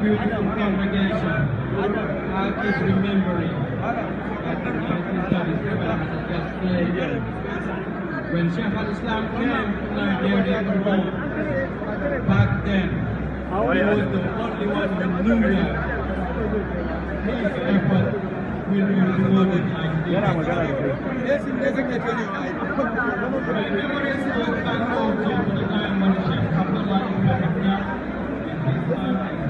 building congregation that is remembering that in 1937 when Sheikh al-Islam came to Nigeria to Rome, back then, he was the only one who knew that his effort will be rewarded like this. There's a good thing. My memories of Bangalore come to the time when Sheikh Abdullah Ibn Abdullah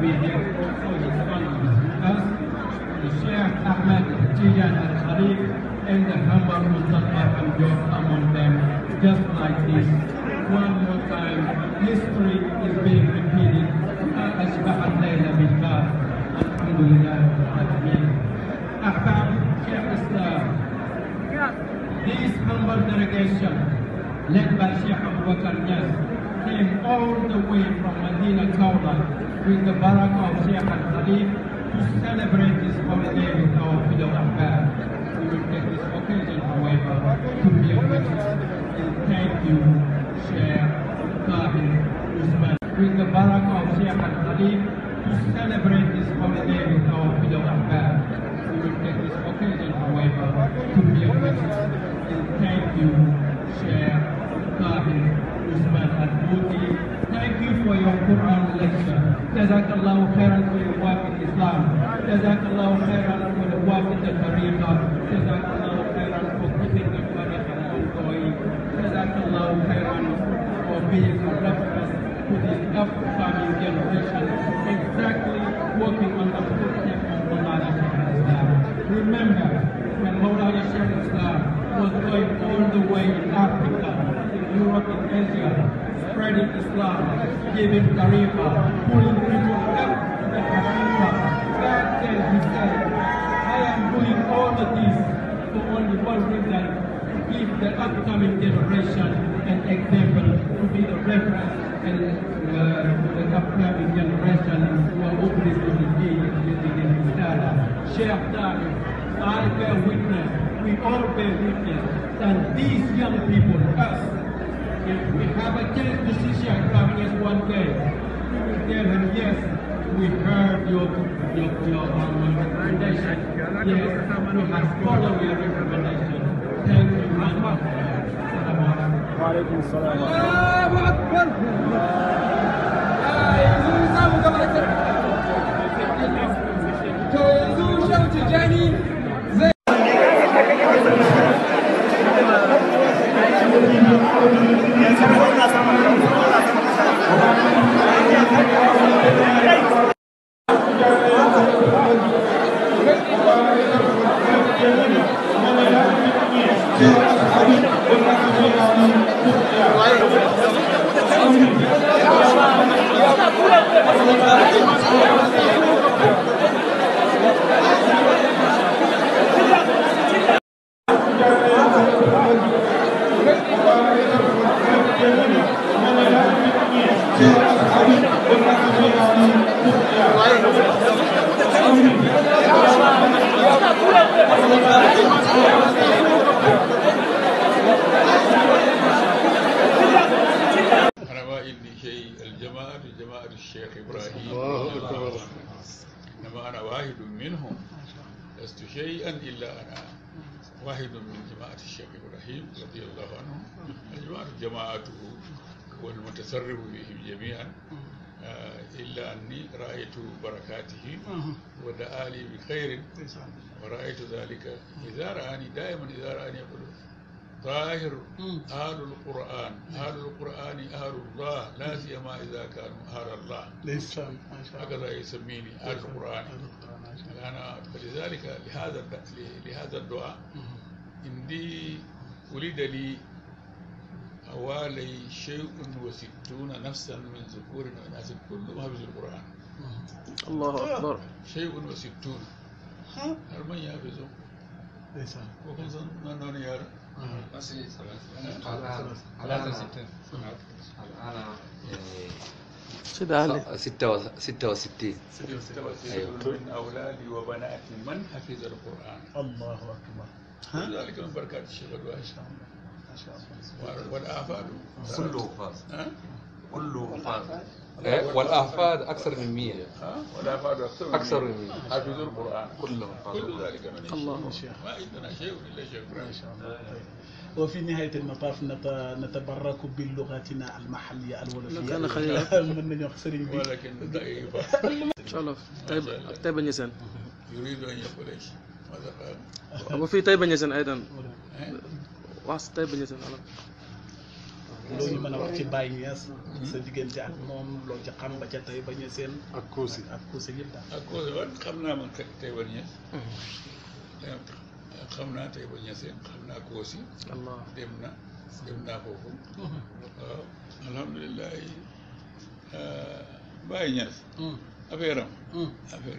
we have also the scholars with us, the Sheikh Ahmed Tijan al-Khalif and the Hamad Mustafa Hamdok among them, just like this. One more time, history is being repeated. أشبح الليل بالنهار الحمد لله رب العالمين. أحباب Sheikh Islam, this humble delegation led by Sheikh Abu Bakr Yas came all the way from Medina Kaulah with the barak of Sheikh al-Khalif to celebrate this holiday with our fellow Ahbab. We will take this occasion, however, to request and thank you, Sheikh Tahir Usman. With the barak of Sheikh al-Khalif to celebrate this holiday with our fellow Ahbab. We will take this occasion, however, to request and thank you, Sheikh Tahir Usman al-Bouti. Thank you for your Quran lecture. jazakallahu khairan wa yawafil islam jazakallahu khairan wa yawafil tariqa jazakallahu khairan wa qutl tariqa al-qawi jazakallahu khairan for being a reference to this upcoming generation exactly working on the footsteps of Maulana Sheikh Islam remember when Maulana Sheikh Islam was going all the way in Africa in Europe in Asia spreading Islam, giving Tariqa, pulling people out of the Tariqa. God said himself, I am doing all of this for only one reason, to give the upcoming generation an example, to be the reference and uh, the upcoming generation who are opening to the gate and living in Islam. Share that. I bear witness, we all bear witness, that these young people, us, If we have a case decision coming as one case, then yes, we heard your, your, your um, recommendation. Yes, you have followed your recommendation. Thank you very much. Salam alaikum. جماعة الشيخ إبراهيم الله أكبر إنما أنا واحد منهم لست شيئا إلا أنا واحد من جماعة الشيخ إبراهيم رضي الله عنه الجماعة جماعته والمتصرف بهم جميعا إلا أني رأيت بركاته ودعا لي بخير ورأيت ذلك إذا رآني دائما إذا رآني يقول ظاهر أهل القرآن أهل القرآن أهل الله لا سيما إذا كانوا أهل الله ليس هكذا يسميني أهل القرآن أنا فلذلك لهذا لهذا الدعاء عندي ولد لي حوالي شيء وستون نفسا من ذكور وإناث كلهم حفظ القرآن الله أكبر شيء وستون هل من يحفظه؟ ليس وكان نون يارا ستة ستة وستين من أولادي وبناتي من حفظ القرآن الله أكبر ذلك من بركات الشيخ الوهشام ما شاء الله والآفاق كله كله حافظ والأحفاد أكثر من 100 والأحفاد أكثر من 100 حافظوا القرآن كلهم كل ذلك من الله شيخ ما عندنا شيء إلا شكرا ما شاء الله وفي نهاية المطاف نتبرك بلغتنا المحلية الولفية أنا خلينا من نخسرين به ولكن ضعيفة إن شاء الله طيب طيب نيسان يريد أن يقول إيش ماذا قال؟ وفي طيب نيسان أيضا واحد طيب نيسان loo ñu mën a wax ci mmh. Baye Niass. Mmh. sa diggante ak moom loo ci xam ba ca tey ba ñu seen. ak Kossy ak Kossy yëpp ak Kossy man xam naa man mmh. xam naa tey ba Niass xam naa dem na dem naa foofu. waaw alhamdulilah euh, Baye Niass. affaire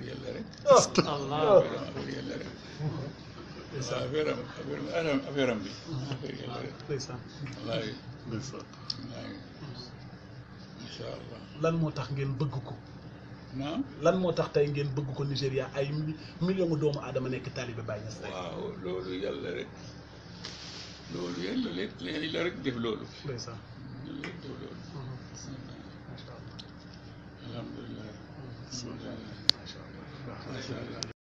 yàlla rek. Oh, affaire ndeysaan affaire lan moo tax ngeen bëgg ko. naam lan moo tax tey ngeen bëgg ko Nigéria ay million doomu aadama nekk taalibe Baay Ñas tey. waaw loolu yàlla rek loolu yàlla lépp yàlla rek def rek def loolu. Mhm. macha allah. alhamdulilah. allah.